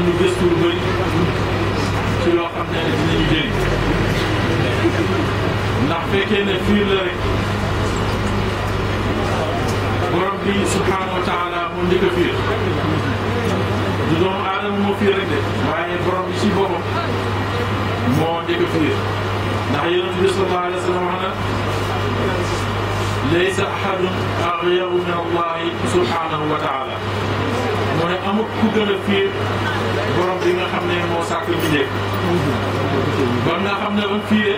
suñu gëstu yu bëri ci loo xam ne dinañu jëriñ ndax fekkee ne fiir la rek borom bi subhaanahu wa taala moo njëkk a fiir du doomu aadama moo fiir rek de waaye borom bi ci boppam moo njëkk a fiir ndax yonent bi sallallahu alayhi wa sallam wax na laysa ahadun aghyaru min allahi subhaanahu wa taala mu ne amut ku gën a fiir borom bi nga xam ne moo sàkk mbindeef ba nga xam ne man fiire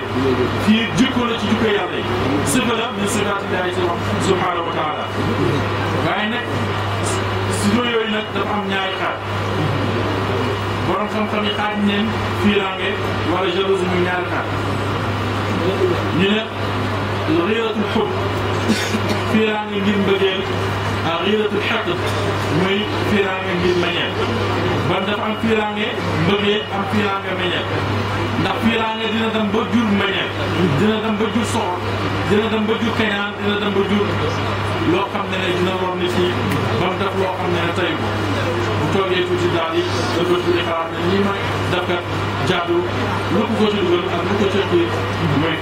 fiir jikko la ci jikko yàlla yi sifa la min sifaati Laahi subhaanahu wa taala waaye nag sifa yooyu nag dafa am ñaari xaaj borom xam-xam yi xaaj neen fiirange wala jalousie muy ñaari xaaj ñu ne riiratul xubb fiirange ngir mbëggeel ah riiratul xeq mooy fiiraange ngir meññeef ban dafa am fiiraange mbëggee am fiiraange meññeef ndax fiiraange dina dem ba jur meññeef dina dem ba jur soxor dina dem ba jur kañaan dina dem jur loo xam ne ne dina lor nit ñi ba mu loo xam ne ne tey bu toogee tuuti daal di ëllëg di xalaat ne nii ma def lu ko ci dugal ak lu ko ci xiir mooy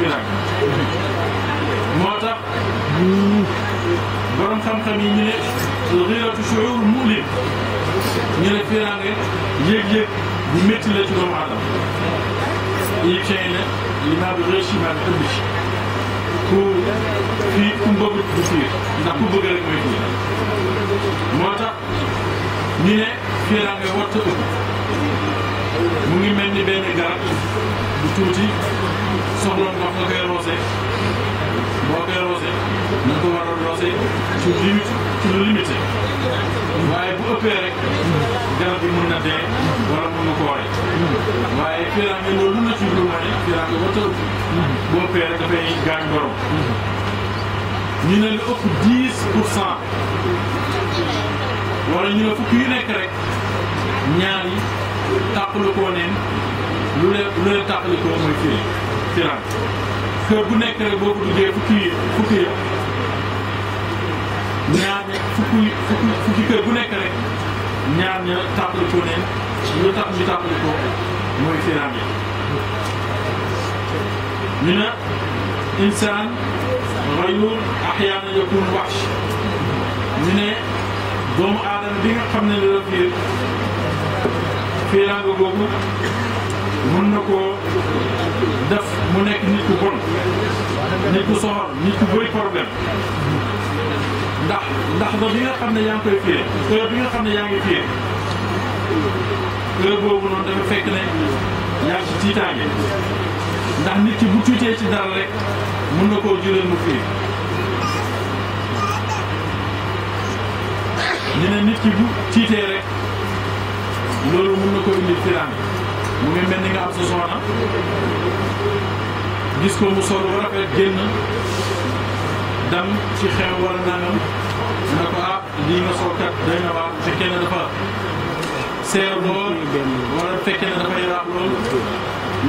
moo tax. borom xam-xam yi ñu ne xiiratu shuur mulim ñu ne fiiraange yëg-yëg bu métti la ci doomu aadama yëg cay ne li maa bi ci ku fii ku bëggut fiir ndax ku bëgg rek mooy moo tax ñu ne fiiraange warta ëpp mu ngi mel ni benn garab bu tuuti soxla ndox nga koy roose boo koy roosee nañ ko war a roosee ci limite waaye bu ëppee rek garab bi mën na dee wala mën na koore waaye fiiraange loolu mën na ci lu wane fiiraange ba tëb bu ëppee gaañ borom ñu ne lu ëpp 10 pour cent wala ñu ne fukk yu nekk rek ñaar yi tàqalu koo neen lu leen lu leen mooy fii fiiraange kër nekk rek boo ko ñu ne insaan rayuur axyaana yakun wax ñu ne doomu aadama bi nga xam ne la la fiir fiiraanga boobu mën na koo mu nekk nit ku bon nit ku soxor nit ku bëri problème ndax ndax ba bi nga xam ne yaa ngi koy fiire bi xam ne yaa ngi fiire heure boobu noonu dafa fekk ne yaa ngi tiitaange ndax nit ki bu tuutee ci dara rek mën na koo jural mu fiir ñu ne nit ki bu tiitee rek loolu mën na ko indi fiiraange mu ngi mel ni nga am sa soxna gis ko mu sol ba rafet génn dam ci xew wala nangam na ko ah lii nga sol kat doy na waar fekkee ne dafa seer lool wala bu fekkee ne dafa yaraax lool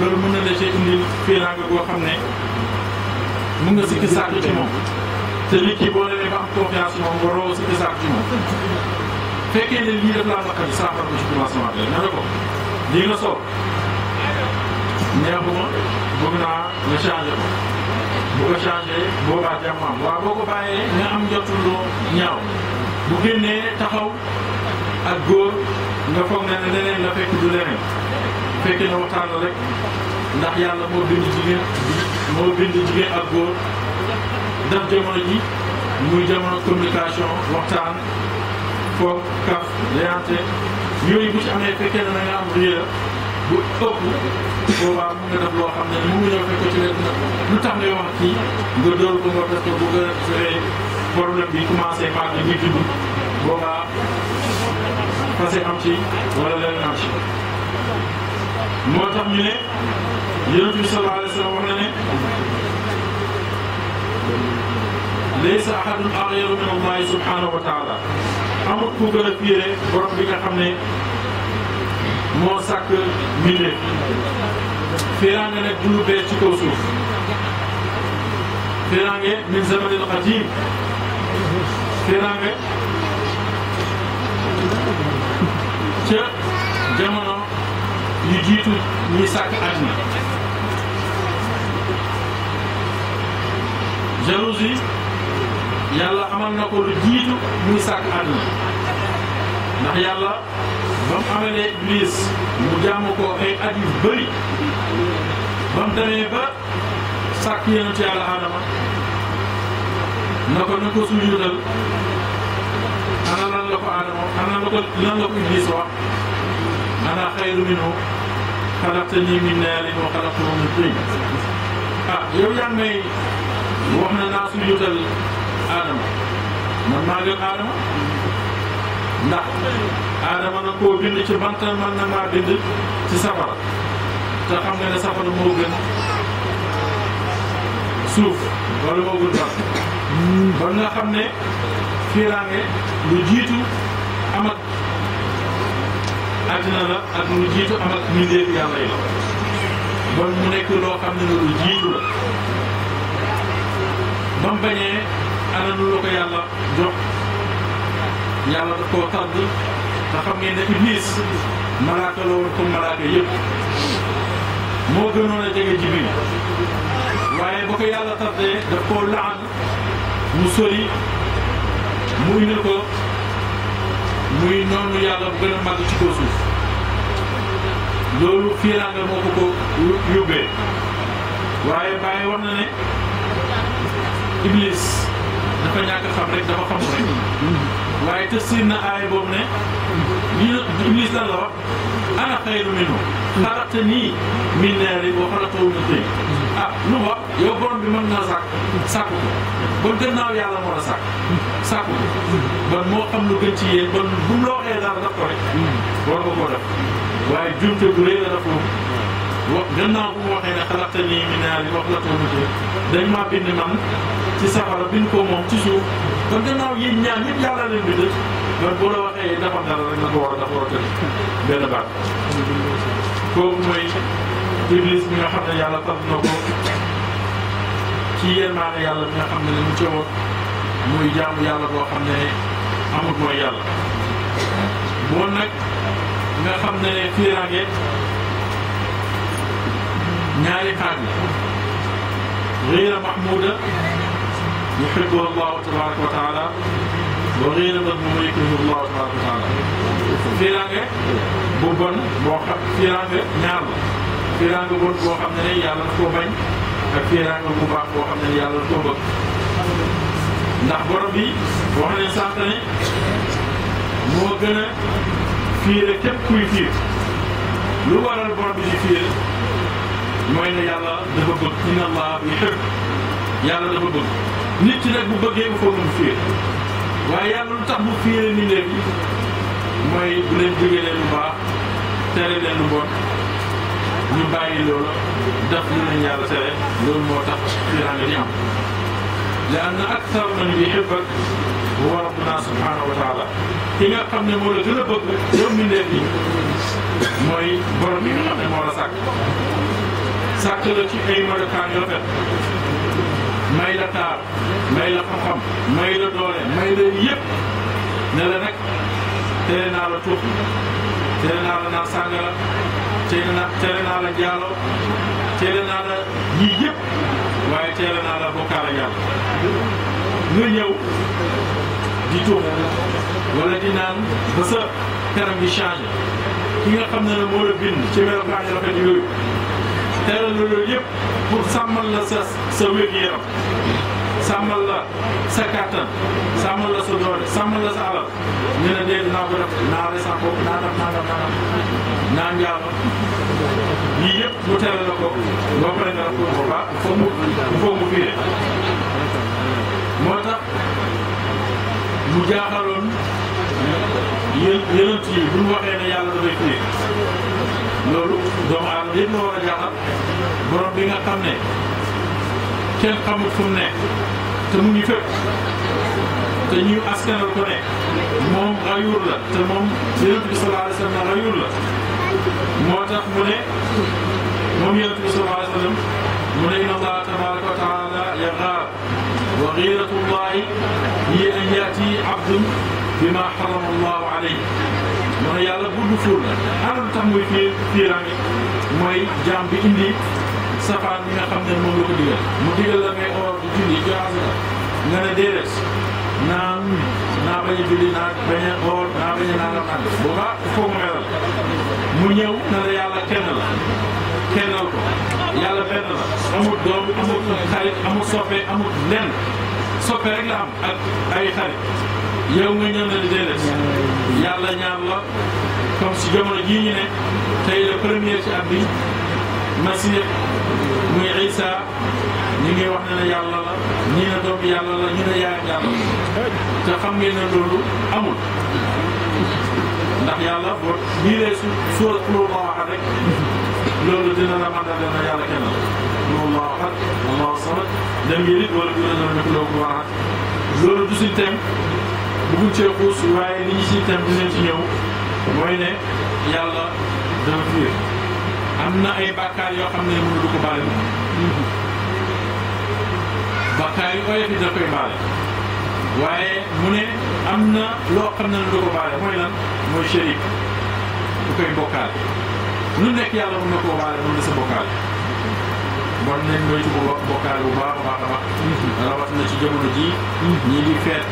loolu mën na la cee indil fiiraange goo xam ne mun nga sikki sàkk ci moom te nit ki boo demee ba am confiance moom waroo sikki sàkk ci moom fekkee ne lii daf laa naqari saafara ko ci commencement bi na ko lii la soob neexuma bëgg naa nga changé ko bu ko changé boobaa jàmm am waaw boo ko bàyyee nga am jotul ñaaw bu génnee taxaw ak góor nga foog ne leneen la fekk du leneen fekke na waxtaan la rek ndax yàlla moo bind jigéen moo bind jigéen ak góor daf jamono ji muy jamono communication waxtaan foog kaf léante yooyu bu ci amee fekkee ne da nga am réer bu ëpp boobaa mun nga def loo xam ne ni mu ñëw fekk ci leen lu tax nga wax kii nga dóor ko nga def ko bu nga sewee problème bi commencé màgg nga judd boobaa fase am ci wala leneen am ci moo tax ñu ne yonent bi sallallahu alayhi wa sallam wax na ne laysa ahadun aghyaru min allahi subhanahu wa taala amul ku gën a fiire borom bi nga xam ne moo sàkk mbindeef fiiraange nag jullu bee ci kaw suuf fiiraange min zamanil xadim fiiraange ca jamono yu jiitu ñuy sàkk àddina jalousie yàlla amal na ko lu jiitu muy sàkk àdduna ndax yàlla ba mu amalee iblis mu jàmm ko ay at yu bëri ba mu demee ba sàkk yonent yàlla aadama na ko na ko sujudal ana lan la ko aadama ana la ko lan la ko iblis wax ana xayru minhu xalaqtani min naarin wa xalaqtahu min tiin ah yow yaa ngi wax na naa sujudal aadama man maa gën aadama ndax aadama na koo bind ci bant man na maa bind ci safara te xam nga ne safara moo gën suuf wala moo gën bant nga xam ne fiiraange lu jiitu am ak àddina la ak lu jiitu am ak mbindeef yàlla yi la bon mu nekk loo xam ne lu jiitu la bam bañee alalu la ko yàlla jox yàlla daf koo tàdd te ngeen ne iblis malaaka la woon comme moo gënoon a jege jibril waaye ba ko yàlla tàddee daf koo laan mu sori mu indi ko muy noonu yàlla bu gën a màgg ci kaw suuf loolu fiiraange moo ko ko yóbbee waaye bàyyi war na ne iblis dafa ñàkk xam rek dafa xamul rek waaye tafsir na aay boobu ne ñu iblis lan la wax ana xayru minhu xalaqtanii min naarin wa ah, wax bi mën naa sàkk sàkku ko ba la sàkk def waaye jumte bu rëy la daf ko wax gannaaw bu mu waxee ne xalaqtanii min naarin wa xalaqtahu min tiin dañ maa bind man ci safara biñ ko moom ci suuf te gannaaw yi ñaan yëpp yàlla leen bi dëkk man bu la waxee defal dara rek na ko war a dafa war a tëdd benn baat kooku mooy iblis bi nga xam ne yàlla tax na ko ci yërmaane yàlla bi nga xam ne li mu coowoon muy jaamu yàlla boo xam ne amut mooy yàlla moom nag nga xam ne fiiraange ñaari xaaj la xiira mahmuda yuhibbuhu Allahu tabaaraka wa ta'aala wa ghayra madmuumin yukrahuhu Allahu tabaaraka wa ta'aala fiiraange bu bon boo xam fiiraange ñaar la fiiraange bon boo xam ne ne yàlla na koo bañ ak fiiraange bu baax boo xam ne ne yàlla na koo bëgg ndax borom bi wax ne sànq ne moo gën a fiire képp kuy fiir lu waral borom bi di fiire mooy ne yàlla dafa bëgg inna allah yuhibb yàlla dafa bëgg nit ci nag bu bëggee bu foog mu fiir waaye yàlla lu tax mu fiiree nii léegi mooy bu leen jógee leen baax tere leen bon ñu bàyyi loolu def lu leen yàlla tere loolu moo tax fiiraange di am am na ak sar man bi xibbak wa rabbuna subhanahu wa ki nga xam ne moo la gën a bëgg yow mi nekk mooy borom bi nga xam ne moo la sàkk sàkk la ci ay melokaan yu rafet may la taar may la xam-xam may la doole may la yëpp ne la tere naa la tuux tere naa la naan sàngara tere naa la njaaloo tere naa la yii yëpp waaye tere naa la bokkaale yàlla nga ñëw di tuux wala di naan ba sa kanam bi ki nga xam ne ne moo la bind ci melokaan yi rafet yooyu teral la loolu yëpp pour sàmmal la sa sa wér-gu-yaram sàmmal la sa kàttan sàmmal la sa doole sàmmal la sa alal ñu ne dee naa ko def naa resa ko naa naa def naa def naa njaalo yii mu teral la ko boo paree nga ko bu mu fiire moo tax mu jaaxaloon yéen yéenant yi bu ñu waxee ne yàlla dafay fiire loolu doomu aadama yëpp la war a jaaxal borom bi nga xam ne kenn xamul fu mu nekk te mu ngi fépp te ñu askanal ko ne moom xayur la te moom yonent bi sallallahu alayhi wa sallam xayur la moo tax mu ne moom yonent bi sallallahu alayhi wa sallam mu ne inna allaha tabaraka wa taala yaxaar wa xiiratu llahi hiya an yati abdun bima xarama allahu alayhi moo ne yàlla bu nufuur la alal ah, tax muy fii fiiraange mooy jaam bi indi safaan bi nga xam ne moom la ko digal mu digal la ngay or di julli joxe la nga ne déedéet naa naa bañ a julli naa bañ a or naa bañ a naan la ànd booba foog mu melal mu ñëw na la yàlla kenn la kennal ko yàlla benn la amul doom amul xarit amul soppe amul lenn soppe rek la am ak ay xarit yow nga ñëw na di déedéet yàlla ñaan la comme si jamono jii ñu ne tey la ci at bi muy Isa ñu ngi wax ne ne yàlla la ñii ne doom yàlla la te xam ngeen ne loolu amul ndax yàlla boo liiree su suura Allahu ahad rek loolu dina la mën dana yàlla kenn Allahu ahad Allahu samad lam yalid wa lam yulad wa lam yakul lahu kufuwan ahad loolu du si tem duñ cee xuus waaye ni ñu siy tànn dina ci ñëw mooy ne yàlla dana fuye am na ay bàkkaar yoo xam ne mënu du ko baale moom bàkkaar yu oyof yi da koy baale waaye mu ne am na loo xam ne du ko baale mooy lan mooy shérif du koy bokkaale lu nekk yàlla mën na koo baale mën na sa bokkaale bon nañ moytu bu bokkaale bu baax a baax a mm-hmm. rawat na ci jamono ji ñi ngi feet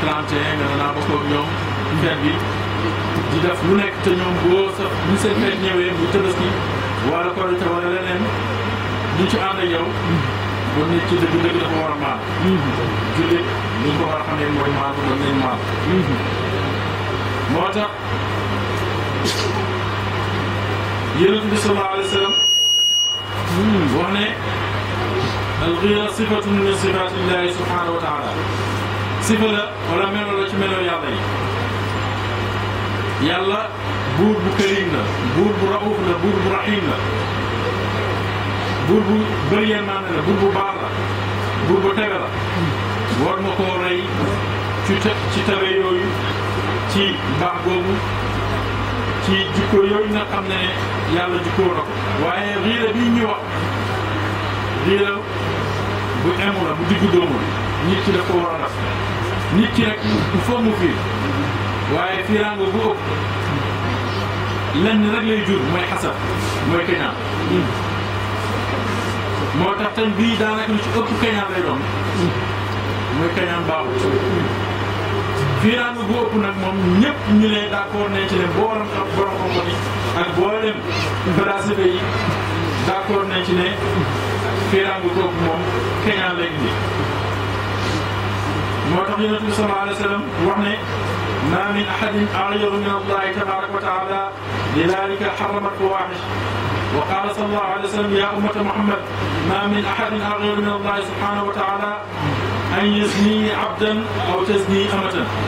31 nee naa ba koog ñoom feet bi di def lu nekk te ñoom boo sa ñu seen feet ñëwee bu Tabaski wala Korite wala leneen ñu ci ànd yow kon nit ci dëgg dafa war a maal jullit ñu ko war a xamee mooy maal moo tax yonent bi sallallahu alayhi wa sallam wax ne al ghira sifatun min sifatillahi sifa la wala melo ci melo yàlla yi yàlla buur bu karim la buur bu rauf la buur bu rahim la buur bu bëri la buur bu baax la war nga koo rey ci ci yooyu ci baax ci jikko yooyu nga xam ne yàlla jikkoo na ko waaye riira bi ñu wax riira bu emu la bu diggu doomu nit ki da ko war a nit ki rek il faut mu fiir waaye fiiraango bu ëpp lenn rek lay jur mooy xasar mooy keñaan moo tax tam bii daanaka lu ci ëpp keñaan lay doon mooy keñaan baaxul fiiraango bu ëpp nag moom ñëpp ñu ne d'accord ne ci ne booram ak borom xam-xam yi ak boolem brasibe yi d'accord ci ne fiiraango bu moom keñaan lay indi moo tax yonent bi sallallahu alayhi wa sallam wax ne ma min ahadin a'jabu min allahi tabaraka wa taala lidalika xaramat fawaaxish wa qaala sallallahu alayhi wa sallam ya ummata muhammad ma min ahadin a'jabu min allahi subhanahu wa taala an yasni abdan aw tasni amatan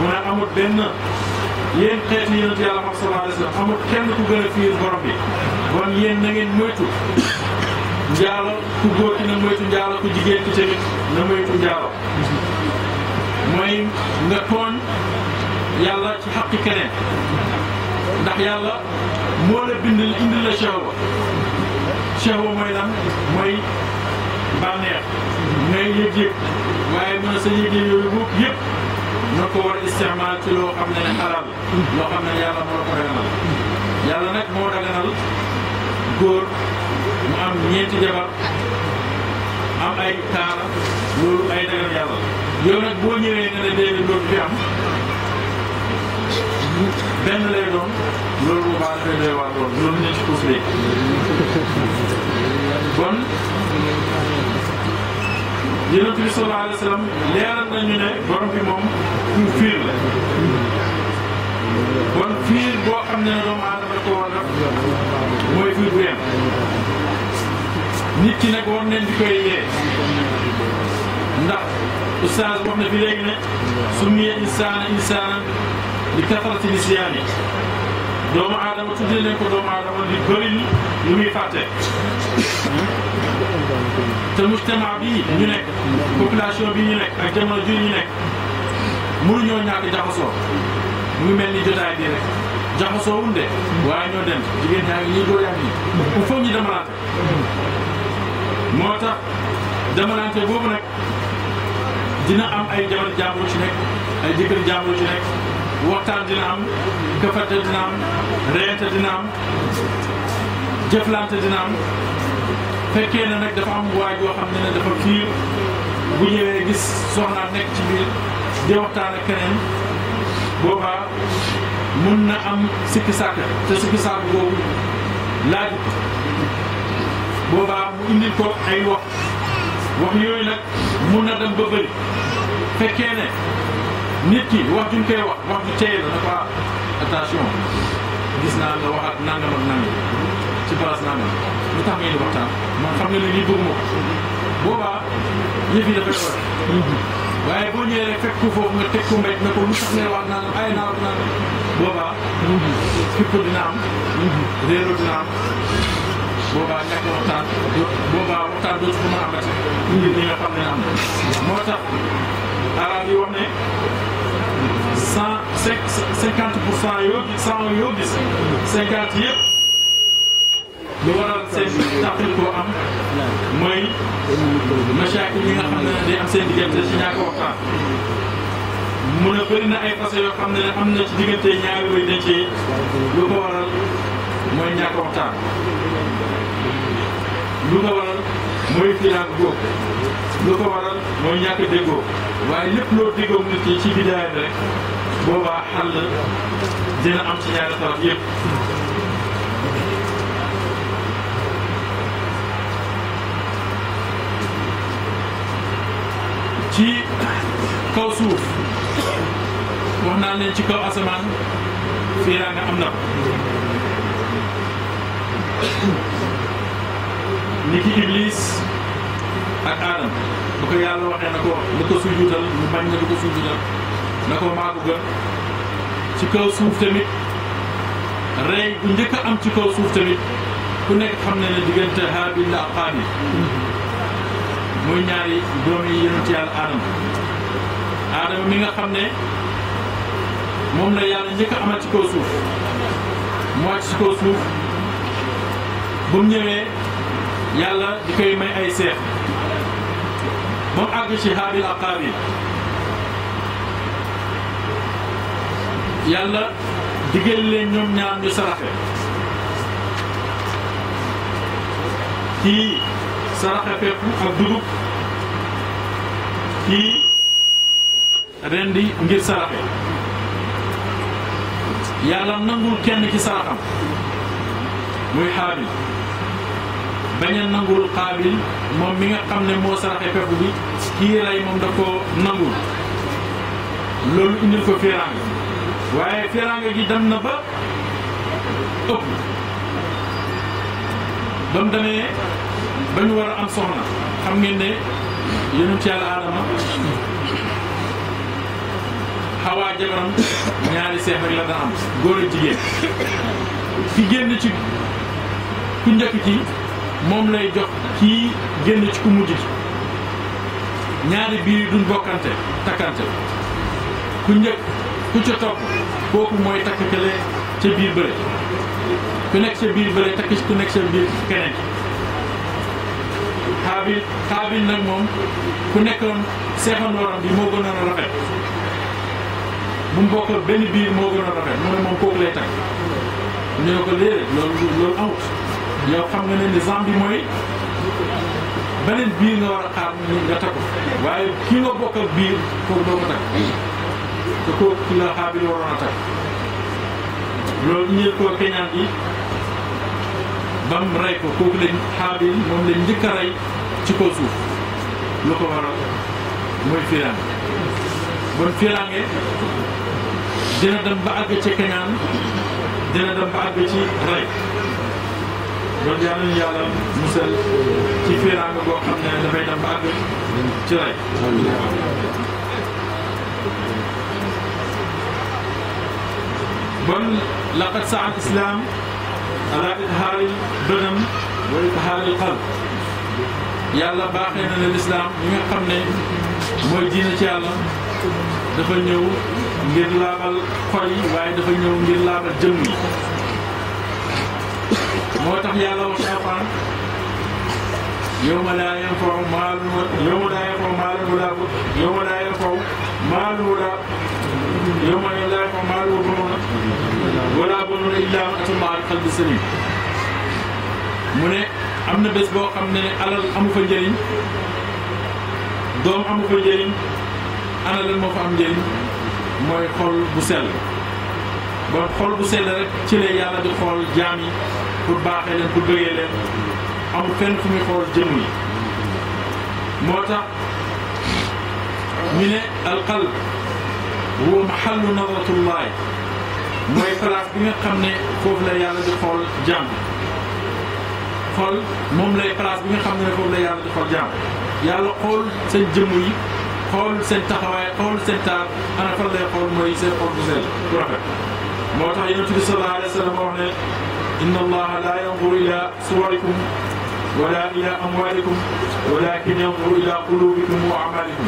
mu ne amut benn yéen xeeti yonent yàlla sallallahu alayhi wa sallam amut kenn ku gën a fiir borom bi kon yéen na ngeen moytu njaalo ku góor ki na moytu njaalo ku jigéen ki tamit na moytu njaalo mooy nga tooñ yàlla ci xaqi keneen ndax yàlla moo la bind indi la shahwa shahwa mooy lan mooy bànneex ngay yëg-yëg waaye mën a sa yëg-yëg yooyu boob yëpp na ko war istimaal ci loo xam ne ne xalaat xam ne yàlla moo la ko daganal yàlla nag moo daganal góor mu am ñeenti jabar am ay taara loolu ay dagal yàlla yow nag boo loolu fi am benn lay doon loolu bu baax dafay doy waar lool loolu ñetti tuuf léegi kon yonent bi sallallahu alayhi fiir boo xam ne doomu aadama ko war a def mooy fiir bu yem nit ki nag war nañ di koy yee ndax ustaas wax na fi léegi ne summiya insaana insaanan li kasrati nisyaani ko doomu aadama di bëri lu muy fàtte te mujtama ñu nekk population bi ñu nekk ak jamono ji ñu nekk mënuñoo ñàkk mu ngi mel ni jotaay bi rek jaxasoo wunde waaye ñoo dem jigéen ñaa ngi ñii góor yaa ngi ñii il faut moo tax jamonante boobu nag dina am ay jabar jàmbur ci nekk ay jëkkër jàmbur ci waxtaan dina am këfante dina am reente dina am jëflante dina am fekkee na nag dafa am waay yoo xam ne ne dafa fiir bu ñëwee gis soxnaa nekk ci biir di waxtaan ak keneen boobaa mun na am sikki sàkk te sikki sàkk boobu laaj boobaa mu indil ko ay wax wax yooyu nag mun na dem ba bëri fekkee ne nit ki wax duñ koy wax wax du teye la na ko ah, attention gis naa nga waxaat nangam ak nangam ci place nangam lu tax ngay waxtaan man xam nga ne lii bëgguma ko boobaa yëf yi dafay war waaye boo ñëwee rek fekk ko foofu nga teg ko mbéy na ko lu tax ngay wax naan ay naa wax naan boobaa. képp mhm. dina am. Mhm. réeroo dina am. boobaa nekk waxtaan boobaa waxtaan dootu ko mën a amati ngir ñi nga xam ne am moo tax arab yi wax ne cent cinquante pour cent yoo gis cinquante yëpp lu waral seen tàqil koo am mooy machaakil yi nga xam ne day am seen diggante ci ñàkk waxtaan mu ne bëri na ay fase yoo xam ne am na ci diggante ñaari way dencee lu ko waral mooy ñàkk waxtaan lu ko waral mooy firaak góob lu ko waral mooy ñàkk déggoo waaye lépp loo déggoo nit ki ci bidaaya bi rek boobaa xàll dina am ci ñaari taraf yëpp ci kaw suuf wax naa leen ci kaw asamaan fii nga am na ni ki iblis ak aadam bu ko yàlla waxee na ko lu ko sujjuutal mu bañ na lu ko sujjuutal na ko maagu gën ci kaw suuf tamit rey bu njëkk am ci kaw suuf tamit ku nekk xam ne ne diggante Haabil la ak Qaabil muy ñaari doom yi yonent yàlla aadama aadama mi nga xam ne moom la yàlla njëkk a amal ci kaw suuf mu wàcc ci kaw suuf bu ñëwee yàlla di koy may ay seex ba mu àgg ci Haabil ak Qaabil yàlla digal leen ñoom ñaar ñu saraxe kii saraxe pepp ak dugub kii rendi ngir saraxe yàlla nangul kenn ci saraxam muy Haabil bañ a nangul xaabil moom mi nga xam ne moo saraxe pepp bi kii rey moom da ko nangul loolu indil ko fiiraanga waaye fiiraanga gi dem na ba ëpp ba mu demee ba ñu war a am soxna xam ngeen ne yonent yàlla aadama xawaa jabaram ñaari seex la daan am góor ak jigéen ki génn ci ku njëkk ci moom lay jox kii génn ci ku mujj gi ñaari biir yi duñ bokkante takkante ku njëkk ku ca kooku mooy takk kële ca biir bëre ku nekk sa biir bëre takk ku nekk sa biir keneen xaabil xaabil nag moom ku nekkoon seexan waram bi moo gënoon a rafet bu mu benn biir moo moom kooku lay takk ñu ne ko léeg loolu loolu amut yow xam nga ne ni Zambie mooy beneen biir nga war a xaar nga takku waaye ki nga bokkal biir kooku doo ko takk te kooku ki nga xaar bi waroon a takk loolu ñëw koo keñaan yi bam rey ko kooku xaabil moom njëkk a rey ci kaw suuf lu ko waral mooy fiiraange ci keñaan loolu yàlla na yàlla musal ci fiiraange boo xam ne dafay dem ba ci rey. bon laqad saat islam ala ithaaril bënam wa ithaaril xal yàlla baaxee na ne lislaam ñi nga xam mooy diine ci yàlla dafa ñëw ngir laabal xol yi waaye dafa ñëw ngir laabal jëmm yi. moo tax yàlla wax ci alxuraan yawma laa yanfa'u maalun yawma laa yanfa'u maalun wa laa banuun yawma laa yanfa'u laa yawma laa yanfa'u maalun illaa man ata Allaha bi qalbin saliim mu ne am na bés boo xam ne alal amu fa njëriñ doom amu fa njëriñ ana lan moo fa am njëriñ mooy xol bu sell bon xol bu sell rek ci la yàlla di xool jaam pour baaxee leen pour bëggee leen amul fenn fu muy xool jëm yi moo tax ñu ne alqalb huwa mahallu nadratullahi mooy place bi nga xam ne foofu la yàlla di xool jàmm xool moom lay place bi nga xam ne foofu la yàlla di xool jàmm yàlla xool seen jëmm yi xool seen taxawaay xool seen taar ana fan lay xool mooy seen xool bu sell bu rafet moo tax yonent bi sallallahu alayhi wa sallam wax ne inna allaha la yanzuru ila suwarikum wala ila amwalikum walakin yanzuru ila qulubikum wa amalikum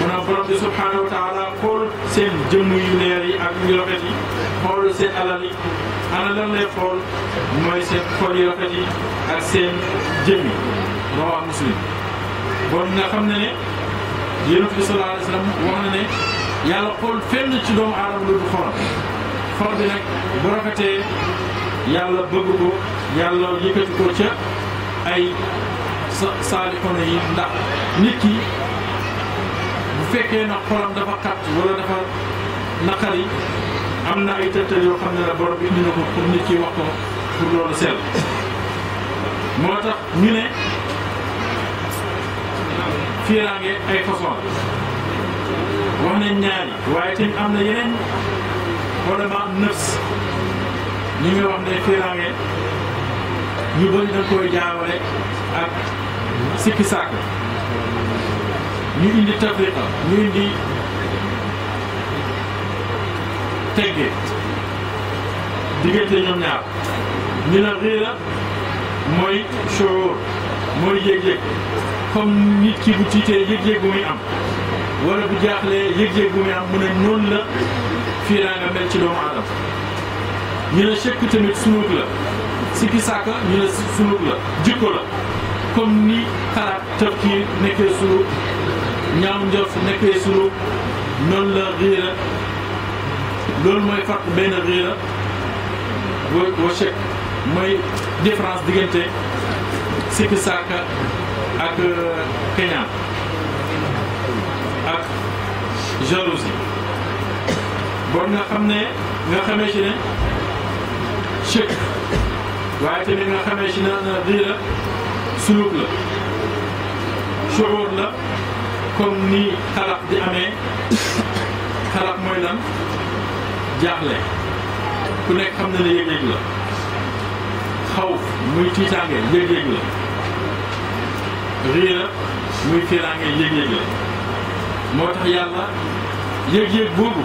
mu ne borom bi subhanahu wa taala xool seen jëmm yu leer yi ak yu rafet yi xool seen alal yi ana lan lay xool mooy seen xol yu rafet yi ak seen jëmm yi moo am muslim bon nga xam ne ne yonent bi sallallahu alayhi wa sallam wax na ne yàlla xool fenn ci doomu aadama lu du xolam xol bi nag bu yàlla bëgg ko yàlla yëkkati ko ca ay sa saalikono yi ndax nit ki bu fekkee na xolam dafa xat wala dafa naqari am na ay tëttal yoo xam ne la borom bi indi na ko pour nit ki wax ko pour loolu sell moo tax ñu ne fiiraange ay façon wax nañ ñaari waaye tamit am na yeneen wala nës li nga wax ne fiiraange ñu bëri dañ koy jaawale ak sikki saak ñu indi tafriqa ñu indi tegge diggante ñoom ñaar ñu ne riira mooy shuur mooy yëg-yëg comme nit ki bu tiitee yëg-yëg bu muy am wala bu jaaxlee yëg-yëg bu muy am mu ne noonu la fiiraanga mel ci doomu aadama ñu ne chekk tamit sunug la sikki sàkka ñu ne sunug la jikko la comme ni xalaat tëf nekkee sunug ñaaw njëf nekkee sunug noonu la riira loolu mooy fàq benn riira wa wa mooy différence diggante sikki sàkka ak euh, keñaan ak jalousie bon nga xam ne nga xamee ci ne chirk waaye tamit nga xamee ci ne dii la suluk la shuur la comme ni xalaq di amee xalaq mooy lan jaaxle ku nekk xam na ne yëg la xaw muy tiitaange yëg-yëg la riira muy fiiraange yëg-yëg la moo tax yàlla yëg-yëg boobu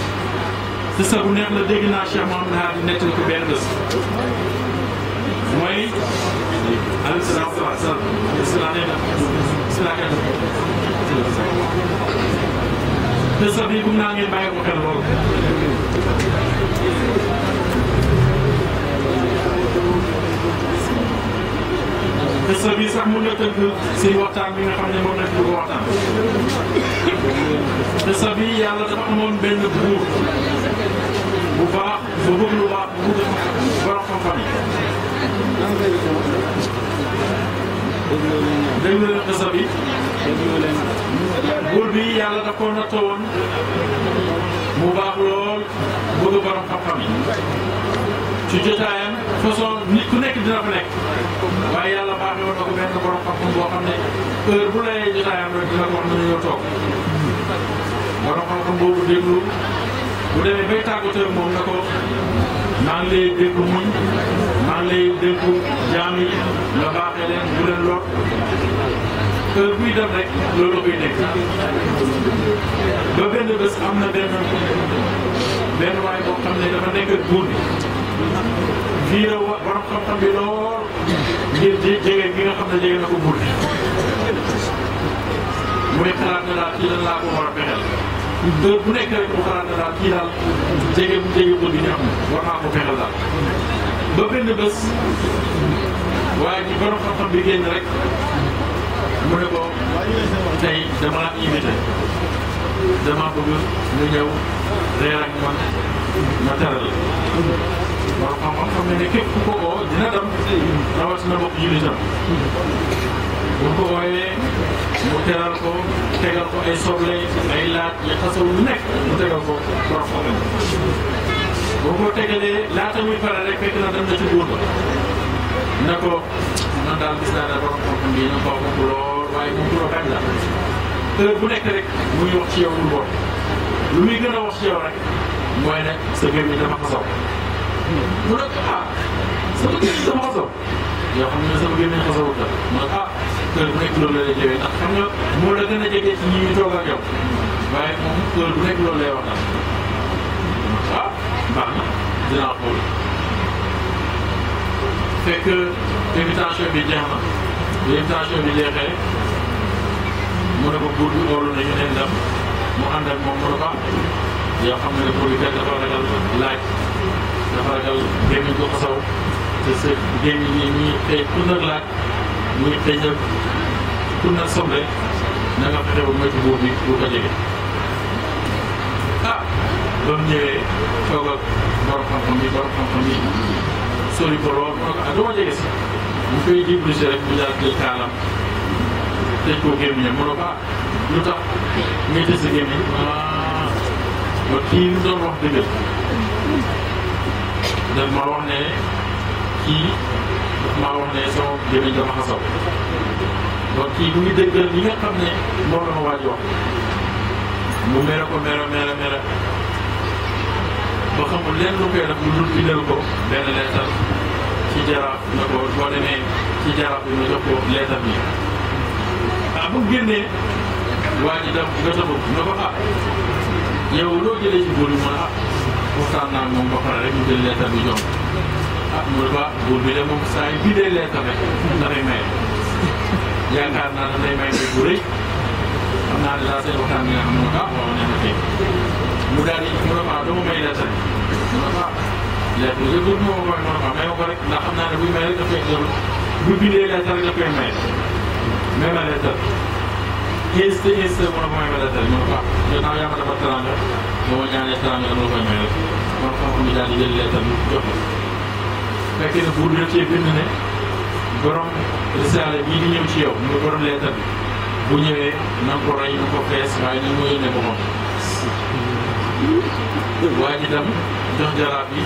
si sa bu neex la dégg naa Cheikh Mouhamed Hadi nettali ko benn bés mooy alayhi salaatu wa salaam isla nee na isla kenn te sa bi bu naa ngeen bàyyi ko xel lool xista bi sax mën na tënk si waxtaan bi nga xam ne moom lañ bëgg waxtaan xista bi yàlla dafa amoon benn buur ba bëgg lu baax bu bëgg borom xam-xam yi. déglu leen bi. buur bi yàlla da koo nattoo mu baax lool bëgg borom xam ci jotaayam façon ku nekk dina fa nekk yàlla baaxee woon na ko benn borom xam-xam boo xam ne jotaayam rek dina ko wax nañu ñoo toog borom xam-xam boobu déglu. bu demee bay tàggatoo moom na ko maa ngi lay dénk muñ maa ngi lay dénk jaam yi nga baaxee leen bu leen lor heure buy dem rek loolu la koy nekk ba benn bés am na benn benn waay boo xam ne dafa nekk buur bi fii la wa borom xam-xam bi lool ngir jege gi nga xam ne jege na ko buur bi muy xalaat ne daal ci lan laa ko war a fexeel dër bu nekk rek mu xalaat kii daal jege jege bëgg ñu am war naa ko fexeel daal. ba benn bés waaye ci borom xam-xam bi génn rek mu ne ko tey dama bëgg nga ñëw reer ak man ma teral xam-xam xam ne képp ku ko woo dina dem rawatina mbokk jullitam bu ko wooyee mu teral ko tegal ko ay soble ay laaj ya xasaw lu nekk mu tegal ko borom ko tegalee laata muy pare rek fekk na dem na ci buur ba na ko man daal gis naa ne borom xam-xam bi na ko wax lool waaye moom du bañ la heure bu nekk rek muy wax ci yow lu bon lu muy gën a wax ci yow rek mooy ne sa gëm yi dama xasaw mu ne ah sama gëm yi dama xasaw yoo xam ne sama génne xasawut la ma ah kër bu loolu lay jëwee ndax xam nga moo la gën a yow waaye moom kër bu loolu lay wax daal ah baax na xool fekk invitation bi jeex na bi invitation bi jeexee mu ne ko buur bi oolu nañu ne ndam mu ànd ak moom mu ne ko ah yoo xam ne ne producteur dafa ragal laaj dafa ragal gémmiñ ko xasaw ci sa génn ñi ñuy tey pundar muy tey jëf pundar soble na nga fexe ba bi bu ko jege ah ba ñëwee toog ak borom xam-xam yi borom xam-xam yi sori ko ko ah dama jege si ne ko tax ngay tëj sa gémmiñ ah ba kii li doon wax dëgg la ma wax ne kii daf maa wax ne sama gémmiñ dama xasaw donc kii mu ngi dëggal li nga xam ne moom la waaj wax mu mere ko mere mere mere ba xamul lenn lu koy def lu dul bindal ko benn leetar ci jaraaf na ko boo demee ci jaraaf bi nga ko leetar ah, ah, yow loo jëlee ci buur yi mu ne ah naa moom ba pare rek mu jël leetar bi jox ah mu ne ko ah buur bi de moom saa yu bindee leen tamit danay maye yaakaar naa danay maye mbir bu rëy xam naa ne laa seen waxtaan bi nga xam ne ah waaw nee na tey mu daal di mu ne ko ah dama may lettre mu ne ko ah lettre yëpp yëpp moo ko may mu ne ko ah may ma ko rek ndax xam naa ne buy may rek daf koy jël bu bindee lettre rek daf koy may may ma lettre insté insté mu ne ko may ma lettre mu ne ko ah yow naa yaa ma defar teranga ba ma ñaanee teranga dama la koy may rek man xam-xam bi daal di jël lettre bi jox ko fekkee ne buur daf cee bind ne borom risaale bii di ñëw ci yow muy borom leetar bi bu ñëwee na ko rey na ko fees waaye na mu yónnee boppam waa ji tam jox jaraaf bi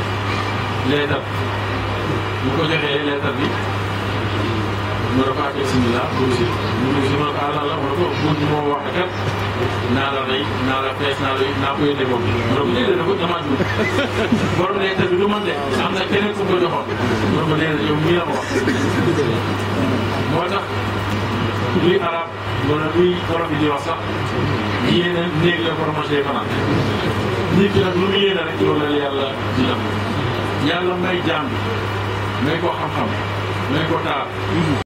leetar ko joxee leetar bi mu ne ko ak buur si mu ne ko alal la mu ko buur bi moo wax kat naa la rey naa la fees naa la naa ko yónnee boobu. borom léeg-léeg dafa damaa juum borom leetar bi du man de am na keneen ku ko joxoon. borom léeg-léeg yow mii la ko wax. moo tax luy arab wala luy borom bi di wax sax yéen a néeg la fromage day fanaan. nit ki nag lu mu yéene rek loolu la yàlla di am yàlla may jàng may ko xam-xam may ko taar.